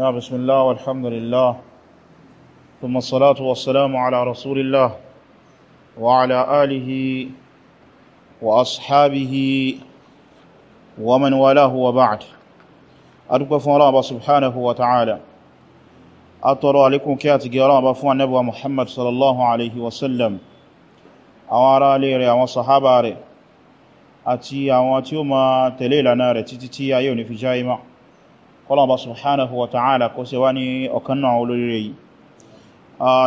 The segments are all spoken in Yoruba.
نعم بسم الله والحمد لله ثم الصلاة والسلام على رسول الله وعلى آله وأصحابه ومن والاه وبعد أدوك فرابة سبحانه وتعالى أطرى لكم كاتك رابة نبو محمد صلى الله عليه وسلم أوارى ليري وصحابة ري أتي أواتي وما تليل نار تتتي أيوني في جائمة kọlọ̀ọ̀bá subhanahu wa ta'ala kó ṣe wá ní ọ̀kan náà olóríire yìí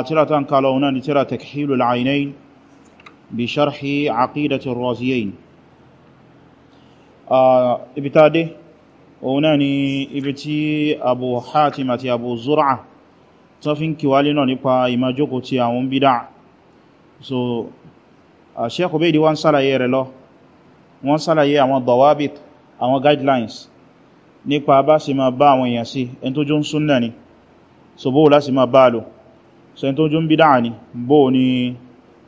tíra tán kalọ̀ náà ni tíra takhilul aynayn bi sharhi aqidati ar-raziyayn ibi tá dé òun ni ibi tí abu hatim àti abu zur'a tó fi ń kíwálé náà nípa ìmájókò ti àwọn bídá so Sheikh Ubaydi wọ́n ṣàlàyé rẹ̀ lọ wọ́n ṣàlàyé àwọn dawabit àwọn guidelines nípa bá sì máa bá àwọn èèyàn sí ẹni tó jọ súnnà ni so bóò láti ma bá lò so ẹni tó jọ bídá ni bóò ni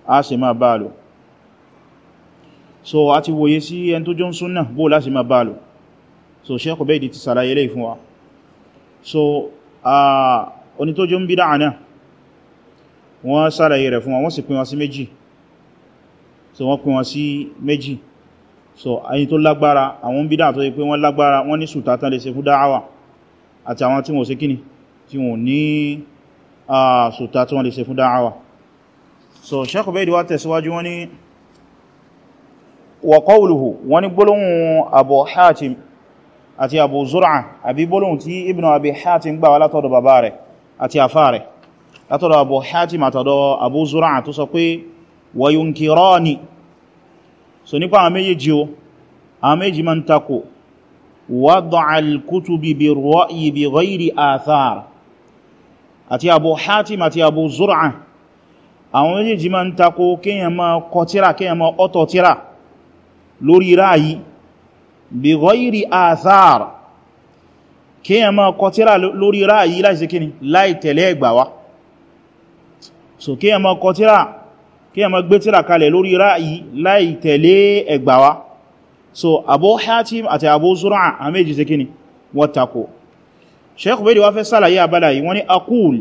a sì ma bá lò so a ti wòye sí ẹni tó jọ súnnà bóò láti máa bá lò so Sheikh Ubaydi ti sàlàyé lè fún wa so oní tó jọ ń bídá náà wọ́n sàlàyé rẹ̀ fún wa wọ́n sì pín wa sí méjì so wọ́n pín wa sí méjì so ayin tó lágbára àwọn bídá tó yẹ pé wọ́n lágbára wọ́n ní sùtà tán lè ṣe fún dáhàwà àti àwọn tí wọ́n ṣe kíni tí wọ́n ní sùtà tí wọ́n lè ṣe fún dáhàwà so Shaykh Ubayd wá tẹ̀síwájú wọ́n ní wa qawluhu wọ́n ní gbólóhùn Abu Hatim àti Abu Zur'a àbí gbólóhùn tí Ibn Abi Hatim gbà wá látọ̀dọ̀ bàbá rẹ̀ àti àfá rẹ̀ látọ̀dọ̀ Abu Hatim àtọ̀dọ̀ Abu Zur'a tó sọ pé wa yunkirani so nípa àwọn méjèèjì o àwọn méjì ma ń takò wádọ̀ alkutubi bi rọ́yì bi ghairi athar àti abu hatim àti abu zur'a àwọn méjèèjì ma ń takò kíyàn ma kọ tíra kíyàn ma ọtọ lórí ráyí bi ghairi athar kíyàn ma kọ lórí ráyí láì kíni láì tẹ̀lé ẹgbàwá so kíyàn ma kọ kí a ma gbé tíra kalẹ̀ lórí rá'í láì tẹ̀lé ẹgbàwá so Abu Hatim àti Abu Zur'a a méjì sí kíni wọ́n tako Sheikh Ubaydi wá fẹ́ sálàyé àbálà yìí wọ́n ni akúl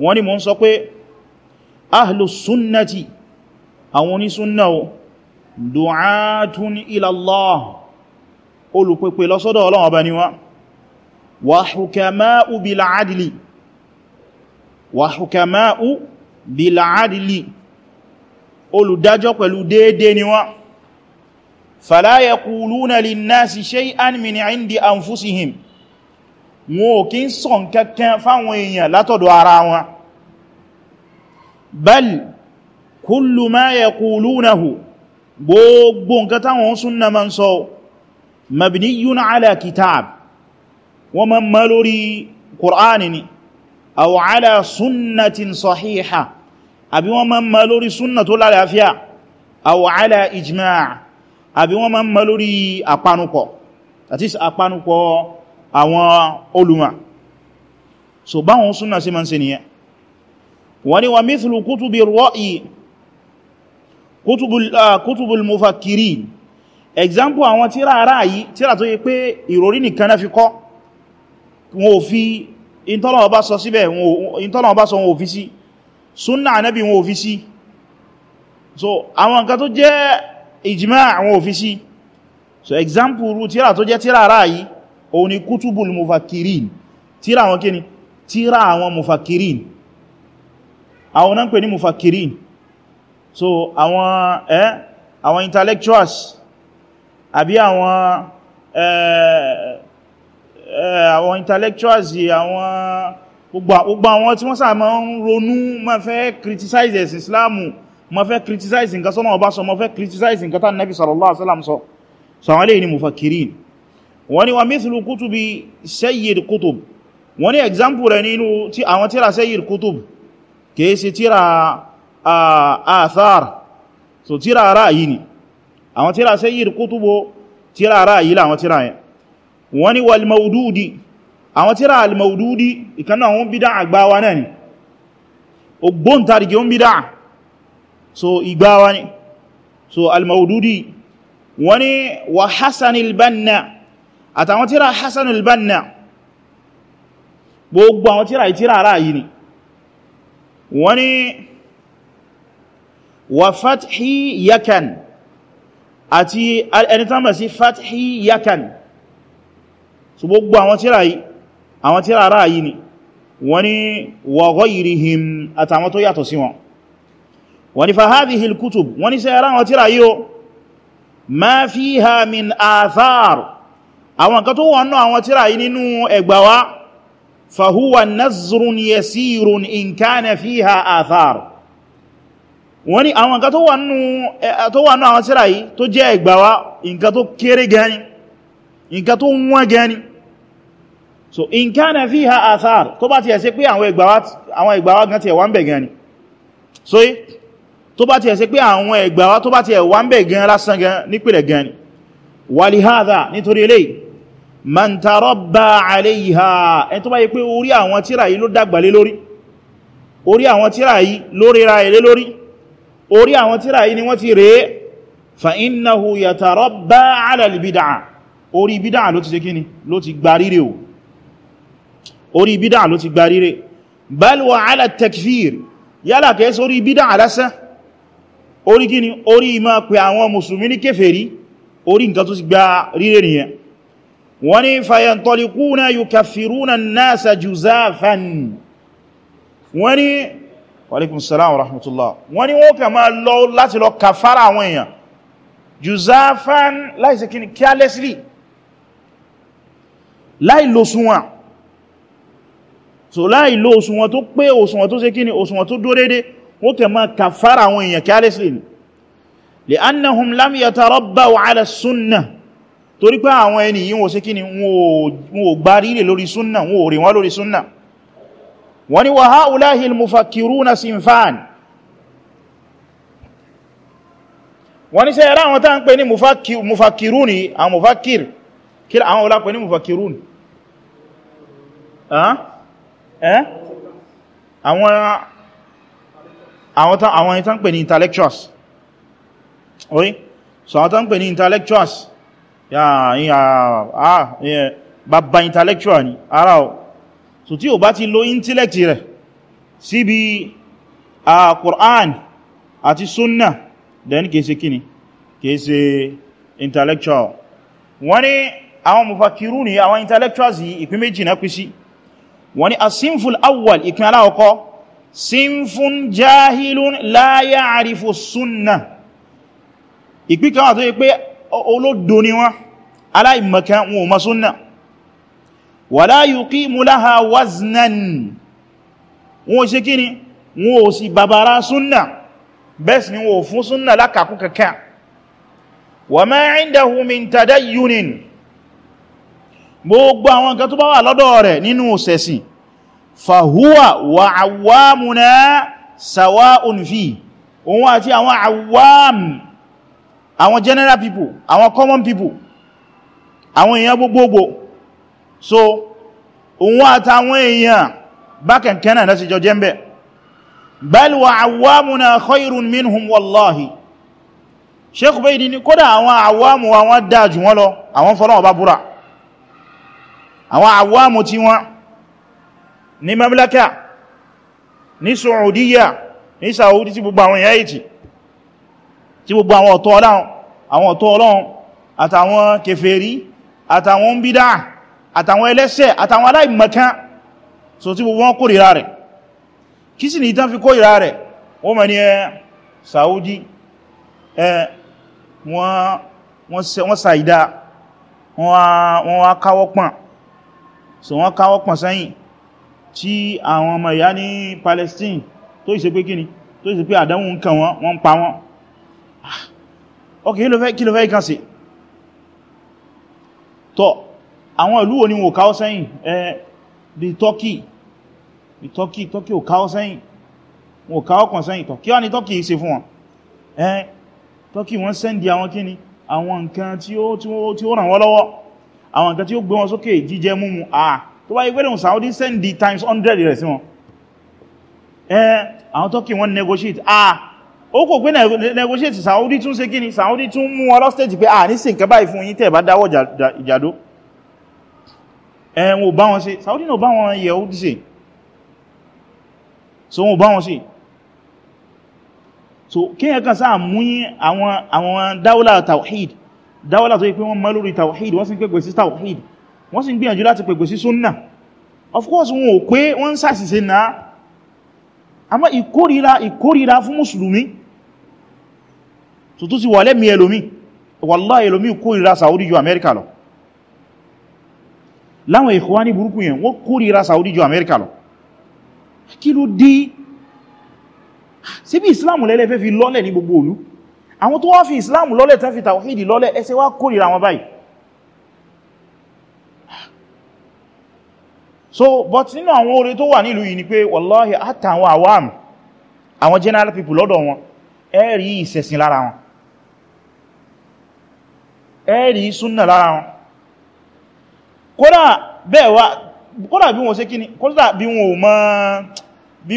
wọ́n ni mọ́ ń sọ pé ahlu sunnati àwọn onísúnnà du'atun ila bil adli wa hukama'u bil adli olùdájọ́ pẹ̀lú déédé ni wọ́n fala yaquluna linnasi shay'an min indi anfusihim wọn ò kí ń sọ nǹkankan fáwọn èèyàn látọ̀dọ̀ ara wọn bal kullu ma yaqulunahu gbogbo nǹkan táwọn súnnà ma ń sọ àbí wọ́n máa ń ma lórí súnnà tó lálàáfíà aw ala ijma' àbí wọ́n máa ń ma lórí àpanupọ̀ àti àpanupọ̀ àwọn olùmọ̀ so báwọn súnnà sí ma ń ṣe nìyẹn wani wa mithlu kutubi rọ́ì kútùbùl ah, mufakirin example àwọn tíra ara yìí tíra tó yẹ pé ìròrí nìkan náà fi kọ́ wọn ò fi ìntọ́nà ọba sọ síbẹ̀ ìntọ́nà ọba sọ wọn ò fi sí súnnà ànábì wọn ò sí so àwọn nǹkan tó jẹ́ ìjìmá àwọn ò sí so example ru tíra tó jẹ́ tíra ara yìí òun ni kútùbùl mufakirin tíra àwọn kíni tíra àwọn mufakirin àwọn náà pè ní mufakirin so àwọn eh àwọn intellectuals àbí àwọn eh eh intellectuals àwọn gbogbo àwọn tí wọ́n sáà ma ń ronú ma fẹ́ criticize ẹ̀sìn islamu ma fẹ́ criticize nǹkan sọ́nà ọba sọ ma fẹ́ criticize nǹkan tán nabi sallallahu alaihi sọ sọ àwọn aléyìn ni mufakirin wọ́n ni wa mithlu kutubi sayyid kutub wọ́n ni example rẹ̀ nínú tí àwọn tíra sayyid kutub kìí tíra athar so tíra ara yìí ni àwọn tíra sayyid kutubo tíra ara yìí láwọn tíra yẹn wọ́n ni wal maududi àwọn tíra al-Mawdudi ìkaná àwọn bídá àgbáwa náà ni ògbóǹtarìgì ó ń bídá so ìgbáwa ni so al-Mawdudi wọ́n ní wa Hasan al-Banna àtàwọn tíra Hasan al-Banna gbogbo àwọn tíra ìtíra ara yìí ni wọ́n ní wa Fathi Yakan àti ẹni tán sí Fathi Yakan so gbogbo àwọn tíra yìí àwọn tí rárá yìí ni wọ́n ni wa ghayrihim àtàwọn tó yàtọ̀ sí wọn wọ́n ni fahadihi al-kutub wọ́n ni sẹ́ ara wọn tíra yíó ma fiha min athar àwọn kan tó wọ́n náà àwọn tíra yìí nínú ẹgbàwá fahuwa nazrun yasirun in kana fiha athar wọ́n ni àwọn kan tó wọ́n náà àwọn tíra yìí tó jẹ́ ẹgbàwá nǹkan tó kéré gani nǹkan tó wọ́n gani so in kana fiha athar tó bá ti ẹ̀ ṣe pé àwọn ìgbàwá gan ti ẹ̀ wá ń bẹ̀ gan ni so eh, tó bá ti ẹ̀ ṣe pé àwọn ìgbàwá tó bá ti ẹ̀ wá ń bẹ̀ gan lásán gan nípìlẹ̀ gan ni walihadha nítorí eléyìí man tarabba alayha ẹni tó bá yí pé orí àwọn tírà yìí ló dàgbà lé lórí orí àwọn tírà yìí ló rírà ilé lórí orí àwọn tírà yìí ni wọ́n ti rèé fa innahu yatarabba ala al-bid'a bid'a ló ti ṣe kíni ló ti gba rírẹ̀ o orí bídá ló ti gba ríre bal wa ala takfir yálà kẹ́ sórí bídá lásán orí gíní orí ma pè àwọn musulmi ní kéfèrí orí nǹkan tó ti gba ríre nìyẹn wọ́n ni fayantalikuna yukaffiruna an-nasa juzafan wọ́n ni wàlíkùn sàlámù rahmatullah wọ́n ni wọ́n kà máa lọ láti lọ kàfàrà àwọn èèyàn juzafan láìsẹ̀kíní carelessly láìlòsùnwọ̀n so láì lo òṣùwọ̀n tó pé òṣùwọ̀n tó ṣe kí ni òṣùwọ̀n tó dó dédé wọ́n kẹ ma kàfàrà àwọn èèyàn carelessly ni lè annahum lam yatarabbaw ala súnnà torí pé àwọn ẹni yíò ṣe kí ni wọ́n ò gbá rílẹ̀ lórí súnnà wọ́n ò rí wọ́n lórí súnnà wọ́n ni wa ha'ulahi al ẹ́ eh? àwọn ìtàn pè ní intellectuals orí so àwọn tán pè ní intellectuals yà yà bàbá intellectual ni ara ọ̀ so tí o bá ti lo intellect rẹ̀ síbi a Qur'an àti sunna then kèèsè kíni kèèsè intellectual wọ́n ni àwọn mufakiru ni àwọn intellectuals yìí ìpín méjì náà pín sí wọ́n ni a sinful awwal ìpín aláwọ̀kọ́ sinfun jahilun la ya'rifu sunna ìpín kan wà tó yí pé olódo ni wọ́n aláìmọ̀kan wọn ò mọ̀ sunna wala yuqimu laha waznan wọn ò ṣe kí ni wọn ò sì bàbára sunna bẹ́ẹ̀ ni wọn fún sunna lákàkú kankan wa ma indahu gbogbo àwọn nǹkan tó bá wà lọ́dọ̀ rẹ̀ nínú sẹ̀sìn fàhúwà wà àwámúná sawa'un fi òun àti àwọn àwámù àwọn general people àwọn common people àwọn èèyàn gbogbogbò so òun àtàwọn èèyàn bákẹ̀kẹ́ náà lọ́sí jọ jẹ́mbẹ̀ bal wa àwámúná khairun minhum wallahi sheikh baydi kódà àwọn àwámù àwọn dájú àwọn àwọ́mù tí wọ́n ní mamlaka ní Saudiya ní Saudi tí gbogbo àwọn èèyàn ìtì tí gbogbo àwọn ọ̀tọ̀ ọlọ́run àtàwọn kèfèrí àtàwọn bídá àtàwọn ẹlẹ́ṣẹ̀ àtàwọn aláìmọ̀kan so tí gbogbo wọn kórìíra rẹ̀ kí sì ní ìtàn fi kórìíra rẹ̀ wọ́n mọ̀ ní ẹ Saudi ẹ wọ́n sa wọ́n wá káwọ́ so wọ́n káwọ́ pọ̀n sẹ́yìn tí àwọn ọmọ ìyá ní Palestine tó ìse pé kíni tó ìse pé àdánwò ń kàn wọ́n wọ́n pa wọ́n ah, ok kí ló fẹ́ kàn sí tọ́ àwọn ìlú wo ni wọ́n káwọ́ sẹ́yìn ẹ̀ bí Turkey bí Turkey Turkey ò káwọ́ sẹ́yìn wọ́n káwọ́ pọ̀n sẹ́yìn tọ́ kí wá ní Turkey ṣe fún wọn ẹ̀ Turkey wọ́n sẹ́ndì àwọn kíni àwọn nǹkan tí ó ràn wọ́n lọ́wọ́ àwọn nǹkan tí ó gbé wọn sókè jíjẹ múmu àà tó wáyé pẹ́lú Saudi send the times 100 rẹ̀ sí wọn ẹ́ àwọn Turkey wọ́n negotiate àà ó kò pé negotiate Saudi tún ṣe kíni Saudi tún mú wọn lọ́stéjì pé àà ní sí nǹkan báyìí fún yín tẹ́ bá dáwọ́ ìjàdó ẹ̀ wọn bá wọn ṣe so wọn ò bá wọn ṣe so kíyàn kan sáà mú dáwọ́lá tó yí pé wọ́n mọ́ lórí tawhid wọ́n sì ń pègbè sí tawhid wọ́n sì ń gbìyànjú láti pègbè sí súnnà of course wọn ò pé wọ́n ń ṣàṣìṣe náà àmọ́ ìkórira ìkórira fún mùsùlùmí tó tó ti wà lẹ́mí ẹlòmí wallahi ẹlòmí kórira Saudi ju Amẹ́ríkà lọ láwọn Ikhwani burúkú yẹn wọ́n kórira Saudi ju Amẹ́ríkà lọ kí ló dé síbí Islam lẹ́lẹ́fẹ́ fi lọ́lẹ̀ ní gbogbo òlú àwọn tó wá fi islam lọ́lẹ̀ tán fi tàwíìdì lọ́lẹ̀ ẹsẹ wá kórìíra wọn báyìí so but nínú àwọn oore tó wà nílùú yìí ni pé wallahi àtàwọn àwàm àwọn general people lọ́dọ̀ wọn ẹ̀rí ìṣẹ̀sìn lára wọn ẹ̀rí súnnà lára wọn kódà bẹ́ẹ̀ wá kódà bí wọn ṣe kíni kódà bí wọn ò mọ́ bí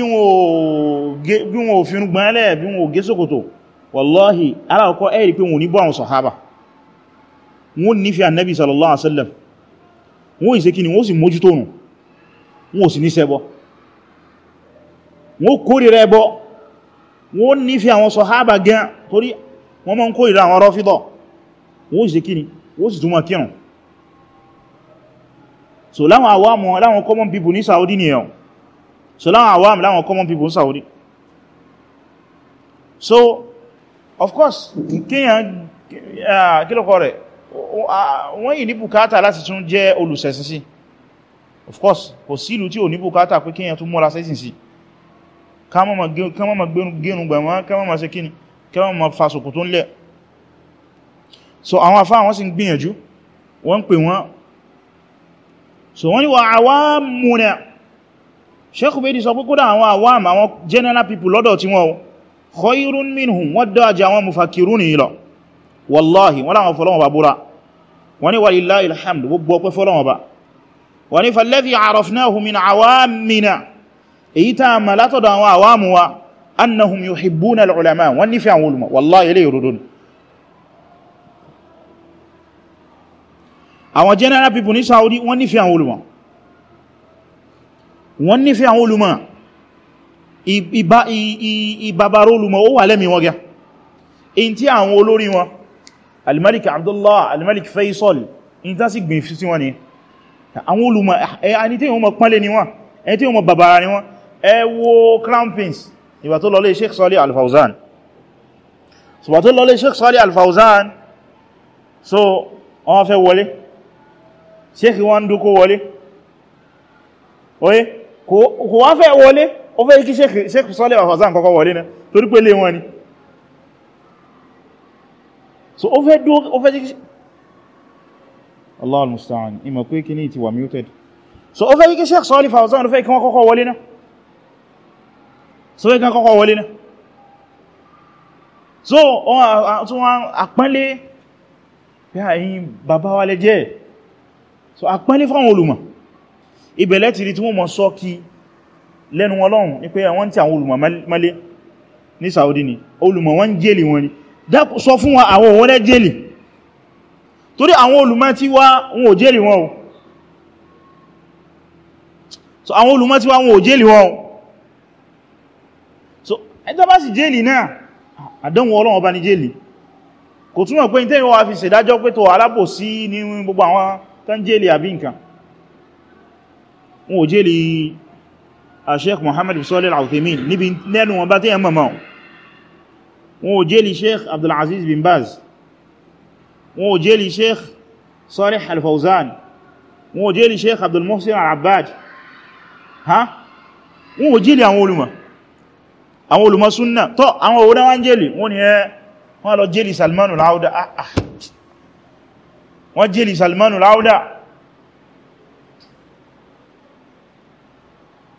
wọn ò finúgbọ́n ẹlẹ́ bí wọn ò gẹ́sòkòtò wallahi alákọ̀ọ́kọ́ ẹ̀rí pé wọn ní bọ́ àwọn sọ̀hábà wọn ní fi annabi sallallahu alaihi wasallam wọn ìṣe kíni wọn sì mójú tónù wọn sì ní ṣẹbọ wọn kórìíra ẹbọ wọn ní fi àwọn sọ̀hábà gan torí wọn máa ń kórìíra àwọn rọ́fídọ̀ wọn ìṣe kíni wọn sì túnmọ̀ kírùn so of course kíyàn kílòkọ rẹ̀ wọ́n yìí ní bùkátà láti tún jẹ́ olùsẹ̀sìn sí of course kò sí ìlú tí ò ní bùkátà pé kíyàn tún múra sẹ́sìn sí ká má ma gẹnu gbẹ̀mọ́ ká má ma ṣe kíni ká má ma fasokò tó ń lẹ̀ so àwọn afá wọ́n sì ń gbìyànjú wọ́n pè wọ́n so wọ́n ni wà àwámù náà Sheikh Ubaydi sọ pé kódà àwọn àwámù àwọn general people lọ́dọ̀ tí wọ́n khayrun minhum wọ́n dájá wọn mufakirun ní lọ wallahi wọ́n láwọn fọ́lọ́wọ́ bá búra wọ́n ni walillahi alhamd gbogbo ọpẹ́ fọ́lọ́wọ́ bá wọ́n ni falladhi arafnahu min awamina èyí ta ma látọ̀dọ̀ àwọn àwámu wa annahum yuhibbuna al'ulama wọ́n nífẹ́ àwọn olùmọ̀ wallahi ilé ìrùdùn àwọn general people ní Saudi wọ́n nífẹ́ àwọn olùmọ̀ wọ́n nífẹ́ àwọn olùmọ̀ ìbàbàrólùmọ̀ ó wà lẹ́mí wọn gẹ́ in tí àwọn olórí wọn alimalik abdullah alimalik faisal in tá sì gbìn fi sí wọn ni àwọn olùmọ̀ ẹni tí wọ́n mọ̀ pánlẹ̀ ni wọ́n ẹni tí wọ́n mọ̀ bàbàrà ni wọ́n ẹ wo crown prince ìgbà tó lọlé sheikh Salih al so wọ́n fẹ́ wọlé sheikh wọ́n dúkó wọlé oye kò wá fẹ́ wọlé ó fẹ́ kí Sheikh Sọ́lẹ̀ àfàzán kọ́kọ́ wọlé náà torí pé lé wọn ni so ó fẹ́ dúó ó fẹ́ kí Allah al-musta'an ìmọ̀ pé kí ní ti wà muted so ó fẹ́ kí Sheikh Sọ́lẹ̀ àfàzán ó fẹ́ kí wọ́n kọ́kọ́ wọlé náà so fẹ́ kí wọ́n kọ́kọ́ wọlé náà so wọ́n àpọ́nlé pé àyín bàbá wa lẹ́jẹ́ so àpọ́nlé fáwọn olùmọ̀ ìbẹ̀lẹ̀ ti rí tí wọ́n mọ̀ sọ́kí lẹ́nu ọlọ́run ní pé àwọn tí àwọn olùmọ̀ ní Saudi ni olùmọ̀ wọ́n jẹ́lì wọn ni sọ fún wa àwọn òwọ́n lẹ́ jẹ́lì torí àwọn olùmọ̀ tí wá wọn ò jẹ́lì wọn so àwọn olùmọ̀ tí wá wọn ò jẹ́lì wọn o so ẹjọ́ bá sì jẹ́lì náà àdánwò ọlọ́run ọba ni jẹ́lì kò túnmọ̀ pé a sheikh Muhammad Salih al-Uthaymin níbi lẹ́nu wọn bá tí ẹmọ̀ mọ̀ wọn ò jẹ́lì sheikh Abdulaziz bin Baz wọn ò jẹ́lì sheikh Salih al-Fawzan wọn ò jẹ́lì sheikh Abdul Muhsin al-Abbad ha wọn ò jẹ́lì àwọn olùmọ̀ àwọn olùmọ̀ súnnà tọ́ àwọn òwúrá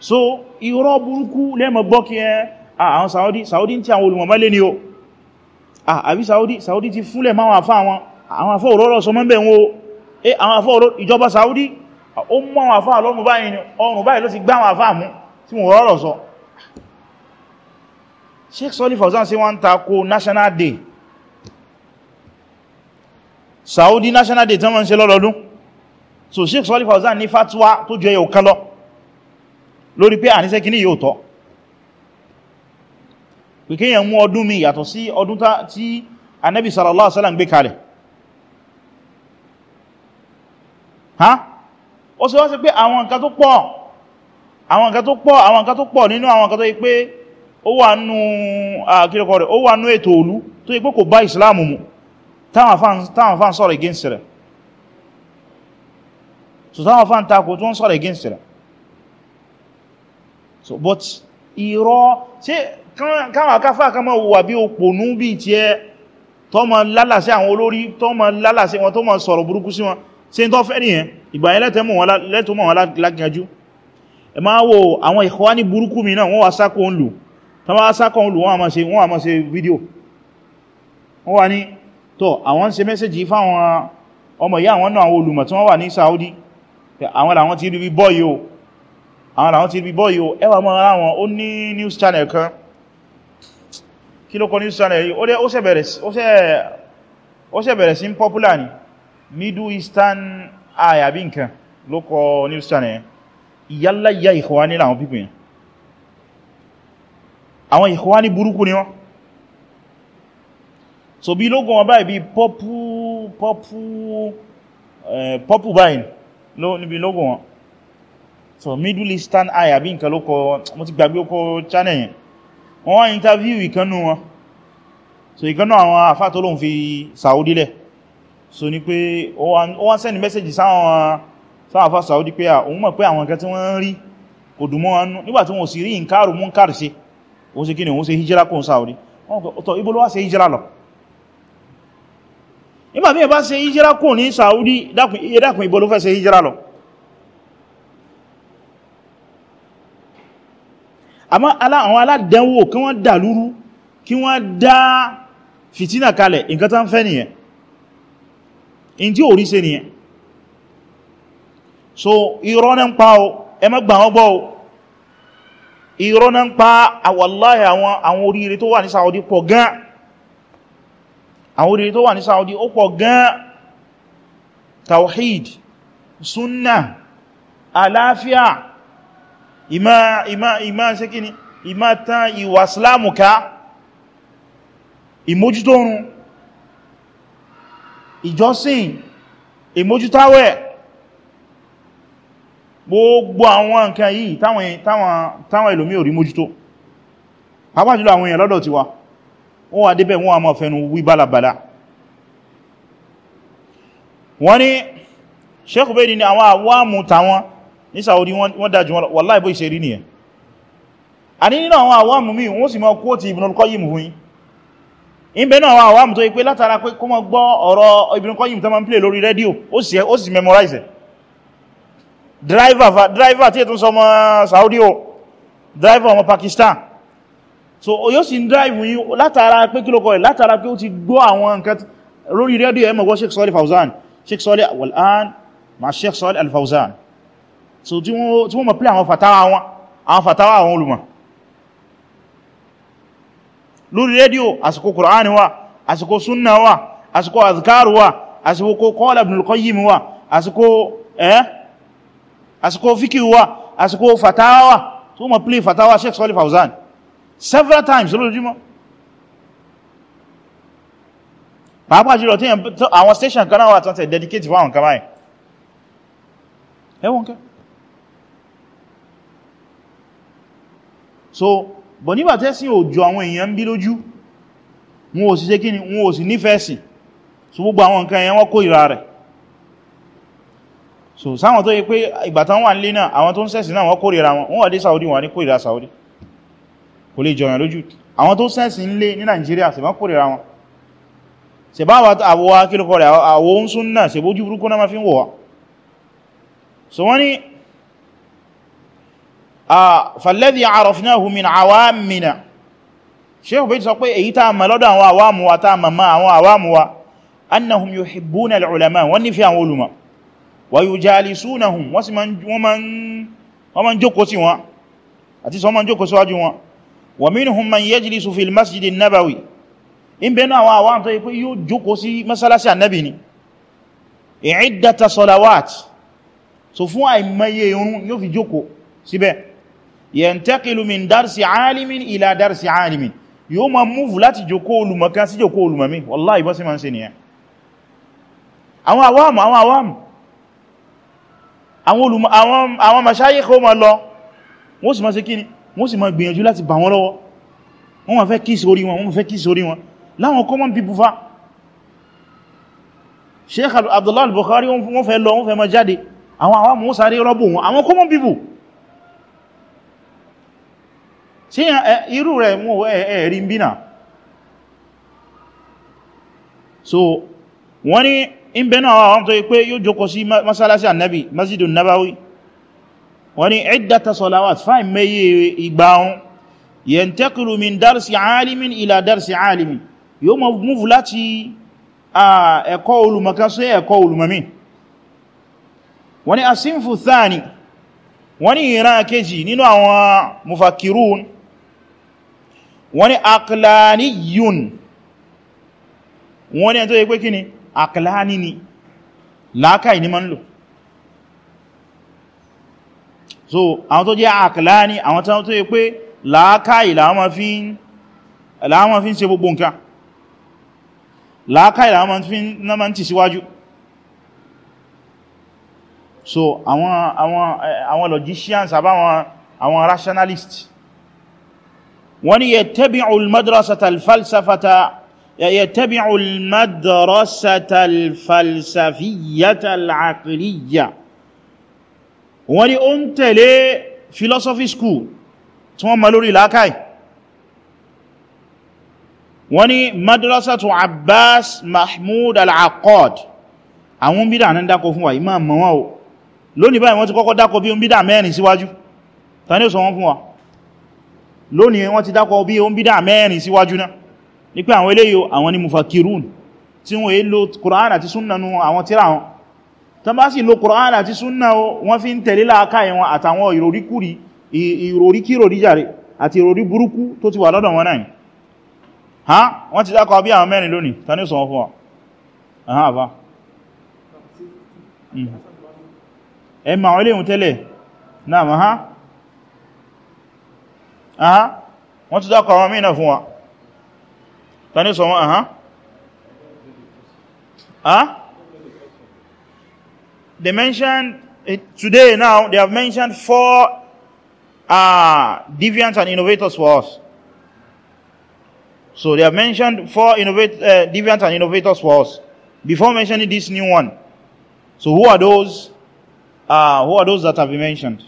so irọ́ burúkú lẹ́mọ̀ gbọ́ kí ẹn àwọn Saudi Saudi tí àwọn olùmọ̀mọ́ lé ní o àbí Saudi Saudi ti fúnlẹ̀ máa wà fáwọn àwọn afọ́ òrọ́rọ̀ sọ mọ́bẹ̀ wọn o e àwọn afọ́ òrọ́ ìjọba Saudi o mọ́ àwọn afọ́ àlọ́rùn báyìí ọrùn báyìí ló ti gbá àwọn afọ́ àmú tí wọ́n rọ́rọ̀ sọ Sheikh Soli Fawzan sí wọ́n ń National Day Saudi National Day tán wọ́n ń ṣe lọ́lọ́dún so Sheikh Soli Fawzan ní fatwa tó jẹ́ yóò kálọ́ lórí pé àníṣẹ́ kìíní yóò tọ́ pìkẹ́ yẹn mú ọdún mi yàtọ̀ sí ọdún tí anẹ́bì sallallahu alaihi wasallam gbé kalẹ̀ ha ó sì wá sí pé àwọn nǹkan tó pọ̀ àwọn nǹkan tó pọ̀ àwọn nǹkan tó pọ̀ nínú àwọn nǹkan tó yí pé ó wà nú àkílẹ̀kọ́ rẹ̀ ó wà nú ètò òlú tó yí pé against rẹ̀ so táwọn fán takò tó ń sọ̀rọ̀ against rẹ̀ so but irọ́ ṣe káwọn akáfà kan mọ́ wà bí òpònú bí ti ẹ tó ma lálàsí àwọn olórí tó ma lálàsí wọn tó ma sọ̀rọ̀ burúkú sí wọn ṣe tó fẹ́ nìyẹn ìgbà yẹn lẹ́tọ́ mọ̀ wọn lágbàjú ẹ máa wo àwọn ìkọwá ní burúkú mi náà wọ́n wá sákò ń lù tó bá sákò ń lù wọ́n wá máa ṣe fídíò wọ́n wá ní tọ́ àwọn ṣe mẹ́sẹ̀jì fáwọn ọmọ ìyá àwọn náà àwọn olùmọ̀ tí wọ́n wà ní Saudi àwọn làwọn ti rí bọ́yìí o àwọn àwọn ti rí bọ́ yíò ẹwà mọ́ ara wọn ó ní news channel kan kí ló kọ news channel yìí ó ṣẹ̀ bẹ̀rẹ̀ sí popular ni middle eastern eye àbí nǹkan ló kọ news channel ìyálàyà Ikhwani láwọn pípìn àwọn Ikhwani burúkú ni wọ́n so bí lógún wọn báyìí bí pọ́pù pọ́pù eh, báyìí níbi lógún wọn so middle eastern eye àbí nǹkan ló kọ mo ti gbàgbé ọkọ̀ channel yẹn wọ́n wá interview ìkanú wọn so ìkanú àwọn àfáà tó lóun fi Saudi lẹ̀ so ní pé ó wá send message sáwọn àfáà Saudi pé òun mọ̀ pé àwọn nǹkan tí wọ́n rí kò dùnmọ́ wọn nígbà tí wọ́n sì rí nǹkarù mú nkàrù sí ó sì kíni òun ṣe hijira kó Saudi wọ́n kọ̀ ọ̀tọ̀ ibo ló wá ṣe hijira lọ nígbà tí wọ́n bá ṣe hijira kó ní Saudi dákùn ibo ló fẹ́ ṣe hijira lọ àmọ́ àwọn aládẹ̀wò kí wọ́n dà lúrú kí wọ́n dá fìtínà kalẹ̀ nǹkan tán fẹ́ nìyẹn in tí ò rí ṣe nìyẹn so irọ́ náà ń pa o ẹ má gbà wọ́n gbọ́ o irọ́ náà ń pa wallahi àwọn oríire tó wà ní Saudi pọ̀ gan àwọn oríire tó wà ní Saudi ó pọ̀ gan tawhid sunnah àlàáfíà ìmá ìmá ìmá ṣe kí ni ìmá tán ìwà islamu ká ìmójútó oorun ìjọsìn ìmójútáwẹ̀ gbogbo àwọn nǹkan yìí táwọn ìlòmí ò rí mójútó pàápàájúlọ àwọn èèyàn lọ́dọ̀ tiwa wọ́n wà débẹ̀ wọ́n a máa fẹnu wí bálabàlá wọ́n ní Sheikh Ubaydi ni àwọn àwọ́ àmú tàwọn ní Saudi wọ́n dájú wọn wallahi bó ìṣe rí nìyẹn a ní nínú àwọn àwọ́mù míì wọ́n sì mọ́ kó ti Ibn al-Qayyim fún yí in bẹ̀rẹ̀ àwọn àwọ́mù tó yí pé látara pé kó mọ́ gbọ́ ọ̀rọ̀ Ibn al-Qayyim tó máa ń play lórí rédíò ó sì memorize driver so yóò sì ń drive yí látara pé kí lókọ̀ látara pé ó ti gbọ́ àwọn nǹkan lórí rédíò ẹmọ̀ wọ́n Sheikh Salih Fawzan Sheikh Salih al-Fawzan so tí wọ́n mọ̀ pílẹ̀ àwọn fàtàwà wọn àwọn fàtàwà àwọn olùmọ̀ lórí rédíò àsìkò kùránì wà àsìkò súnnà wà àsìkò azkaru wà àsìkò kọ́ọ̀lá Ibn al-Qayyim wà àsìkò ẹ́ àsìkò fíkì wà àsìkò fàtàwà tí wọ́n mọ̀ pílẹ̀ fàtàwà Sheikh Salih Fawzan several times lójúmọ́ pàápàá jùlọ tí àwọn station kan náà wà tán tẹ̀ dedicate fún àwọn kan báyìí ẹwọ́n kan so bọ̀ nígbà tẹ́sìn ò jọ àwọn èèyàn ń bí lójú wọn ò sì ṣe kí ni wọn ò sì nífẹ̀ẹ́ sí so gbogbo àwọn nǹkan ẹ̀yẹn wọ́n kó ìra rẹ̀ so sáwọn tó yẹ pé ìgbàtán wà nílé náà àwọn tó ń ṣẹ̀sìn náà wọ́n kórìíra wọn wọ́n wà dé Saudi wọ́n ní kórìíra Saudi kò lè jọyàn lójú àwọn tó ṣẹ̀sìn nílé ní Nàìjíríà ṣe bá kórìíra wọn ṣe bá àwọ̀ akílùkọ rẹ̀ àwọ̀ oúnsùn náà ṣe bójú burúkú náà ma fi ń wọ̀ wá so wọ́n ní Ah, falladhi arafnahu min awamina sheikh bẹ́ẹ̀ sọ pé èyí tá a mọ̀ lọ́dọ̀ àwọn àwámu wa tá a mọ̀ àwọn àwámu wa annahum yuhibbuna al-ulama wọ́n nífẹ́ àwọn olùmọ̀ wa yujalisunahum wọ́n máa ń jókòó sí wọn àti sọ máa ń jókòó síwájú wọn wa minhum man yajlisu fil masjidin àwọn àwọn tó yóò jókòó sí masalasi annabi ni iddata salawat so fún yantaqilu min darsi alimin ila darsi alimin yóò ma múfù láti jókó olùmọ̀kan sí jókó olùmọ̀mí wallahi bọ́ sí ma ń ṣe nìyàn àwọn àwọ́mù àwọn àwọ́mù àwọn masáyé kó ma lọ wọ́n sì ma ṣe kíni wọ́n sì ma gbìyànjú láti bà wọ́n lọ́wọ́ wọ́n ma fẹ́ kí sórí wọn wọ́n fẹ́ kí sórí wọn láwọn common people fa Sheikh Abdullah al-Bukhari wọ́n fẹ́ lọ wọ́n fẹ́ ma jáde àwọn àwọ́mù wọ́n sáré rọ́bù wọn àwọn common people sí irú rẹ̀ mú ẹ̀rí bínà so wọ́n ní in bẹ̀nà àwọn tó yí pé yóò jókó sí masalasi annabi masjidun nabawi wọ́n ní iddata salawat fa mẹ́yẹ ìgbàun yantakilu min darsi alimin ila darsi alimin yóò ma múfù láti ẹ̀kọ́ olùmọ̀kan sí ẹ̀kọ́ olùmọ̀mí wọ́n ni akìláni yun wọ́n ni ẹni tó yẹ kí ni akìláni ni láákàí ní ma ń lò so àwọn tó jẹ́ akìláni àwọn tó yẹ pé láákàí láwọn fi ń ṣe gbogbo nǹkan láákàí láwọn fi ń ma ń tì síwájú so àwọn àwọn eh, àwọn logicians àbáwọn àwọn rationalists wọ́n ni yattabi'u al-madrasata al-falsafata yattabi'u al-madrasata al-falsafiyyata al-aqliyya wọ́n ni ó ń tẹ̀lé philosophy school tí wọ́n ma lórí lákàí wọ́n ni madrasatu abbas mahmud al-aqad àwọn bídà ní dákọ̀ fún wa imam mọ́wọ́ lónìí báyìí wọ́n ti kọ́kọ́ dákọ̀ bí i bídà mẹ́rin síwájú ta ni ó sọ wọ́n fún wa lónìí wọ́n ti dákọ̀ bí o ń bídá mẹ́rin síwájú náà ní pé àwọn eléyìí àwọn ni mufakirun tí wọ́n yí lo Kùránì àti súnnà nú àwọn tíra wọn tán bá sì lo Kùránì àti súnnà wọ́n fi ń tẹ̀lé láàkáyẹ wọn àtàwọn ìròríkúrí jàre àti ìròrí burúkú tó ti wà lọ́dọ̀ wọn náà ha wọ́n hmm. tẹ́lẹ̀ náà ma ha wọ́n ti dákọ̀ àwọn mìíràn fún wa ta ní sọ wọ́n àhán they mentioned today now they have mentioned four uh, deviants and innovators for us so they have mentioned four innovate, uh, deviants and innovators for us before mentioning this new one so who are those uh, who are those that have been mentioned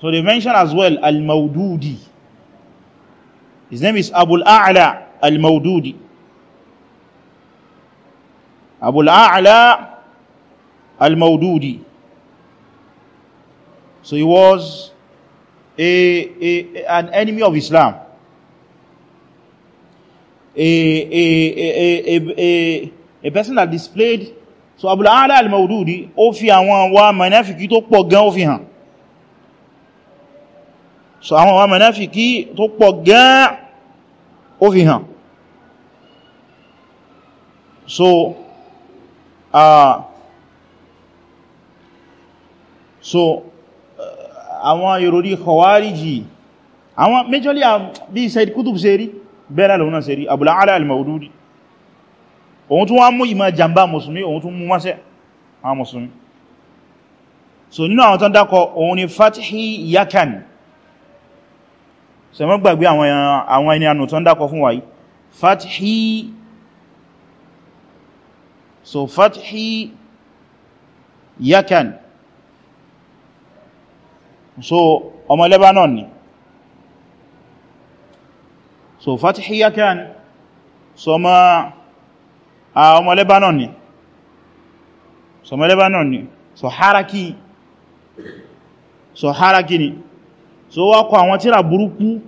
So they mention as well Al-Mawdudi. His name is Abu al-A'la Al-Mawdudi. Abu al-A'la Al-Mawdudi. So he was a, a, an enemy of Islam. A, a, a, a, a, a person that displayed so Abu al-A'la Al-Mawdudi ó fi àwọn wa manafiki tó pọ̀ gan ó fi hàn so àwọn àwọn mùnáfìkí tó pọ̀ gan ó fi hàn so uh, so àwọn ìròrí khawariji àwọn méjọ́lì bí Sayyid Qutb ṣe rí bẹ́ẹ̀rẹ̀ lòun náà ṣe rí Abul Ala al-Mawdudi òun tún wá mú ìmọ̀ jàmbá mùsùlùmí òun tún mú wáṣẹ́ àwọn mùsùlùmí so nínú àwọn tán dákọ̀ òun ni Fatihi Yakan so mọ́ gbàgbé àwọn ẹni ànù tó ń dákọ fún wa yìí fathi so fathi yakan so ọmọ lebanon ni so fathi yakan so ma a ọmọ lebanon ni so ọmọ lebanon ni so haraki so haraki ni so wá kọ àwọn tíra burúkú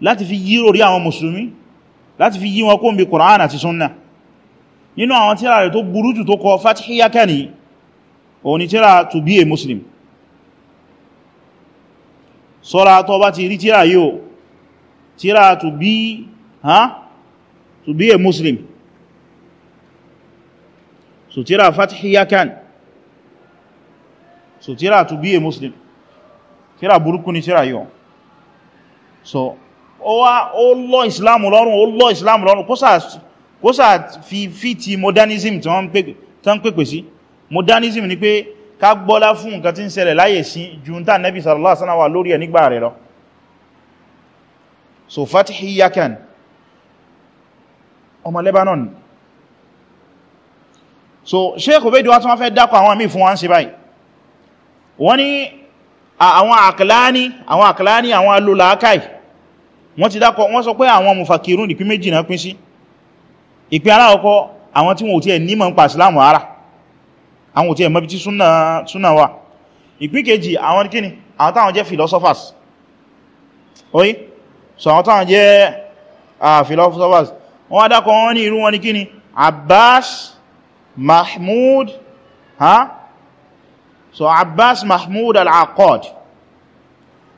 láti fi yí rò rí àwọn mùsùlùmí láti fi yí wọn kó ń bí Kùránì àti súnnà nínú àwọn tíra rẹ̀ tó burú jù tó kọ fatihiyaka ní òní tíra to be a muslim sọ́ra tó bá ti rí tíra yíò tíra to be ha to be a muslim so tíra fatihiyaka ní so tíra to be a muslim tíra burúkú ni tíra yọ so ó wá ó lọ islam lọ́rùn ó lọ islam lọ́rùn kó sà fi fìtì modernism tí wọ́n ń pèpè sí modernism ni pé ká gbọ́lá fún nǹkan tí ń ṣẹlẹ̀ láyé sí junta nabi sallallahu alaihi wasallam lórí ẹ̀ nígbà rẹ̀ lọ so fatihi yakan ọmọ lebanon so sheikh obedu wa tún wá fẹ́ dákọ̀ àwọn míì fún wa ń ṣe báyìí wọ́n ni àwọn àkìláni àwọn àkìláni àwọn alólàákàì wọ́n ti dákọ wọ́n sọ pé àwọn mufakirun ní pín méjì náà pín sí ìpín aláwọ̀kọ́ àwọn tí wọn ò tí ẹ̀ nímọ̀ ń pa ìsìláàmù ara àwọn ò tí ẹ̀ mọ́bí tí súnà wà ìpín kejì àwọn kíni àwọn táwọn jẹ́ philosophers oye so àwọn táwọn jẹ́ philosophers wọ́n wá dákọ wọ́n ní irú wọn ní kíni Abbas Mahmud ha so abbas mahmud al-aqad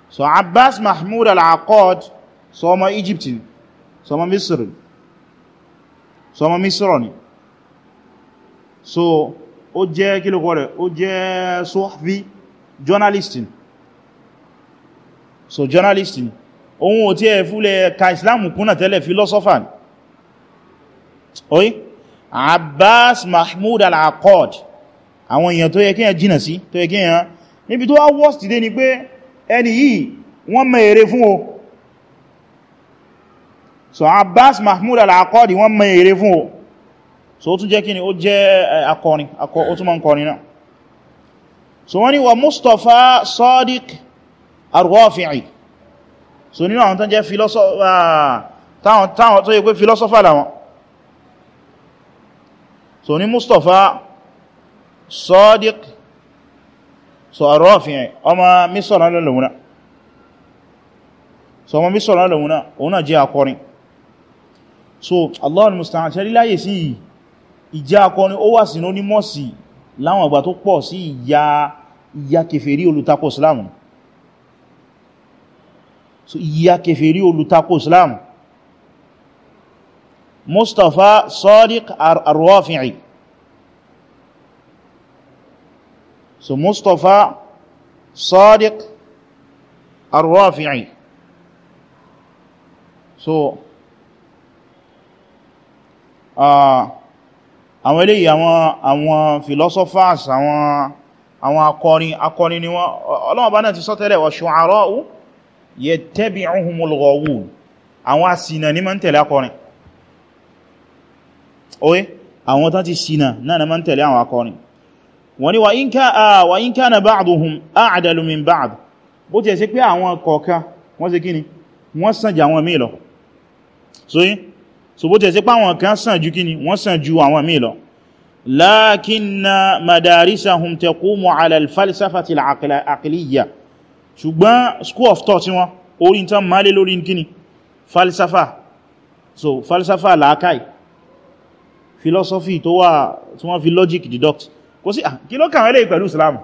so abbas mahmud al-aqad so ọmọ egypt ni so ọmọ misr so ọmọ misr ni so ó jẹ́ kílòkọ́ rẹ̀ ó jẹ́ sohvi journalist so journalist ni ohun ò tí ẹ fúlẹ̀ ka islam kúnnà tẹ́lẹ̀ philosopher ni abbas mahmud al-aqad àwọn èèyàn tó yẹ kí èèyàn jìnà sí tó yẹ kí èèyàn níbi tó wá worst dé ni pé ẹni yìí wọ́n mọ èrè fún o so Abbas Mahmoud al-Aqadi wọ́n mọ èrè fún o so ó tún jẹ́ kí ni ó jẹ́ akọrin ó tún mọ́ kọrin náà so wọ́n ni wa Mustapha Sadiq ar so nínú àwọn tán jẹ́ táwọn tó yẹ pé philosopher làwọn so ni Mustapha sadiq so arọ́fin ọmọ mísọ̀rọ̀ lọ́lọ́wọ́n so ọmọ mísọ̀rọ̀ lọ́lọ́wọ́n òun náà jẹ́ akọrin so Allahul musta'an ṣe ríláyè sí ìjẹ́ akọrin ó wà sínú ní mọ́sí láwọn àgbà tó pọ̀ sí ìyá ìyá olùtakò islamu so ìyá kèfèrí olùtakò islamu Mustafa Sadiq Ar-Rafi'i ar rafii so Mustafa Sadiq Ar-Rafi'i so uh, àwọn eléyìí àwọn àwọn philosophers àwọn àwọn akọrin akọrin ni wọ́n ọlọ́wọ́n bá náà ti sọ tẹ́lẹ̀ wa shu'ara'u yattabi'uhumul ghawun àwọn asìnà ní máa ń tẹ̀lé akọrin oye àwọn tán ti sìnà náà na máa ń àwọn akọrin wọ́n ni wa in kana ba'duhum a'dalu min ba'd bó ti ẹ̀ sí pé àwọn kọ̀ọ̀kan wọ́n ṣe kíni wọ́n sàn jà wọn mí lọ so yí so bó ti ẹ̀ sí pé àwọn kan sàn ju kíni wọ́n sàn ju àwọn mí lọ lakinna madarisahum taqumu ala al-falsafati kò sí ah, kí ló kàn eléyìí pẹ̀lú islam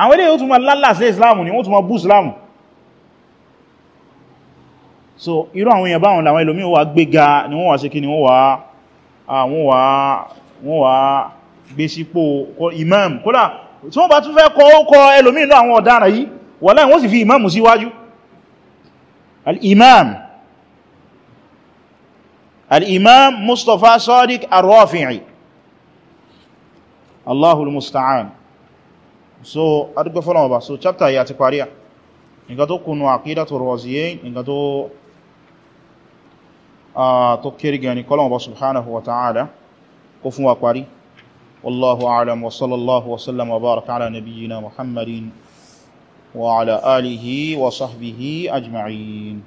àwọn eléyìí ó tún ma ni wọ́n tún bú islam so irú àwọn èèyàn báwọn làwọn ẹlòmí wà gbéga ni wọ́n wà ṣe kí ni wọ́n wà àwọn wà wọ́n wà gbé sípò imam kódà tí wọ́n bá tún fẹ́ kọ ókọ ẹlòmí inú àwọn ọ̀daràn yìí wàláhì wọ́n sì fi imam síwájú al-imam al-imam Mustafa Sadiq ar Allahul musta'an so adúgbẹ́ fọ́lọ̀wọ̀ bá so chapter yìí àti parí à nǹkan tó kùnù Aqeedatul Raziyayn nǹkan tó tó kéré gani kọ́lọ̀wọ̀ bá subhanahu wa ta'ala kó fún wa parí wallahu a'lam wa sallallahu wa sallam wa baraka ala nabiyyina muhammadin wa ala alihi wa sahbihi ajma'in